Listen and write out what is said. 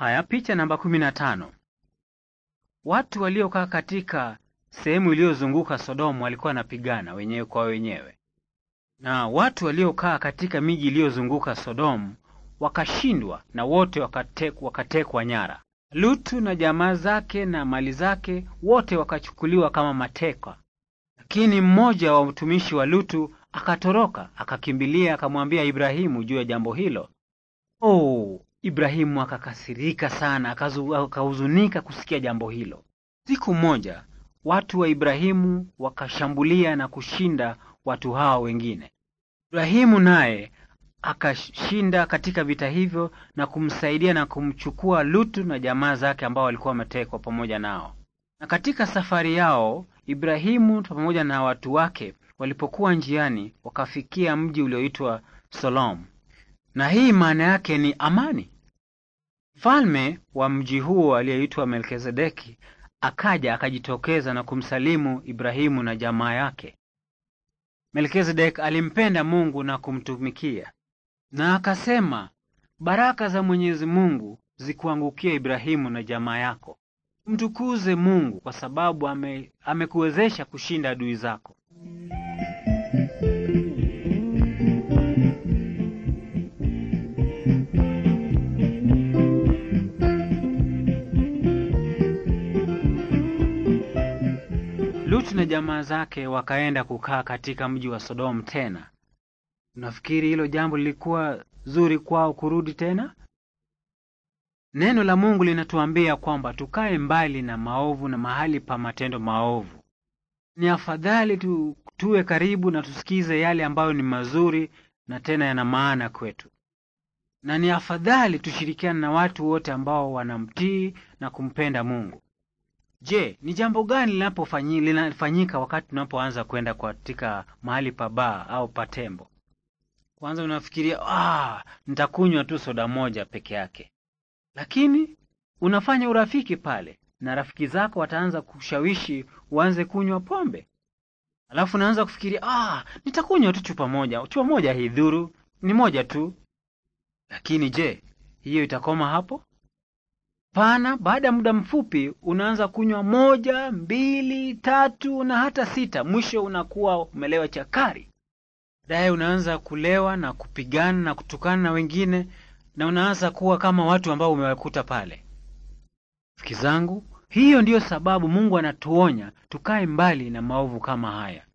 Haya, picha namba kumi na tano. Watu waliokaa katika sehemu iliyozunguka Sodomu walikuwa wanapigana wenyewe kwa wenyewe, na watu waliokaa katika miji iliyozunguka Sodomu wakashindwa na wote wakatekwa, wakatekwa nyara. Lutu na jamaa zake na mali zake wote wakachukuliwa kama mateka, lakini mmoja wa mtumishi wa Lutu akatoroka akakimbilia akamwambia Ibrahimu juu ya jambo hilo. Oh, Ibrahimu akakasirika sana, akahuzunika kusikia jambo hilo. Siku moja watu wa Ibrahimu wakashambulia na kushinda watu hao wengine. Ibrahimu naye akashinda katika vita hivyo na kumsaidia na kumchukua Lutu na jamaa zake ambao walikuwa wametekwa pamoja nao. Na katika safari yao Ibrahimu pamoja na watu wake walipokuwa njiani wakafikia mji ulioitwa Solom, na hii maana yake ni amani. Mfalme wa mji huo aliyeitwa Melkizedeki akaja akajitokeza na kumsalimu Ibrahimu na jamaa yake. Melkizedek alimpenda Mungu na kumtumikia, na akasema, baraka za Mwenyezi Mungu zikuangukia Ibrahimu na jamaa yako. Mtukuze Mungu kwa sababu ame, amekuwezesha kushinda adui zako. Lut na jamaa zake wakaenda kukaa katika mji wa Sodom tena. Unafikiri hilo jambo lilikuwa zuri kwao kurudi tena? Neno la Mungu linatuambia kwamba tukae mbali na maovu na mahali pa matendo maovu. Ni afadhali tu, tuwe karibu na tusikize yale ambayo ni mazuri na tena yana maana kwetu, na ni afadhali tushirikiane na watu wote ambao wanamtii na kumpenda Mungu. Je, ni jambo gani linafanyika wakati tunapoanza kwenda katika mahali pa baa au pa tembo? Kwanza unafikiria ah, nitakunywa tu soda moja peke yake, lakini unafanya urafiki pale na rafiki zako wataanza kushawishi uanze kunywa pombe. Alafu unaanza kufikiria ah, nitakunywa tu chupa moja, chupa moja hii dhuru ni moja tu. Lakini je, hiyo itakoma hapo? pana, baada ya muda mfupi unaanza kunywa moja, mbili, tatu na hata sita, mwisho unakuwa umelewa chakari. daye unaanza kulewa na kupigana na kutukana na wengine, na unaanza kuwa kama watu ambao umewakuta pale. fiki zangu, hiyo ndiyo sababu Mungu anatuonya tukae mbali na maovu kama haya.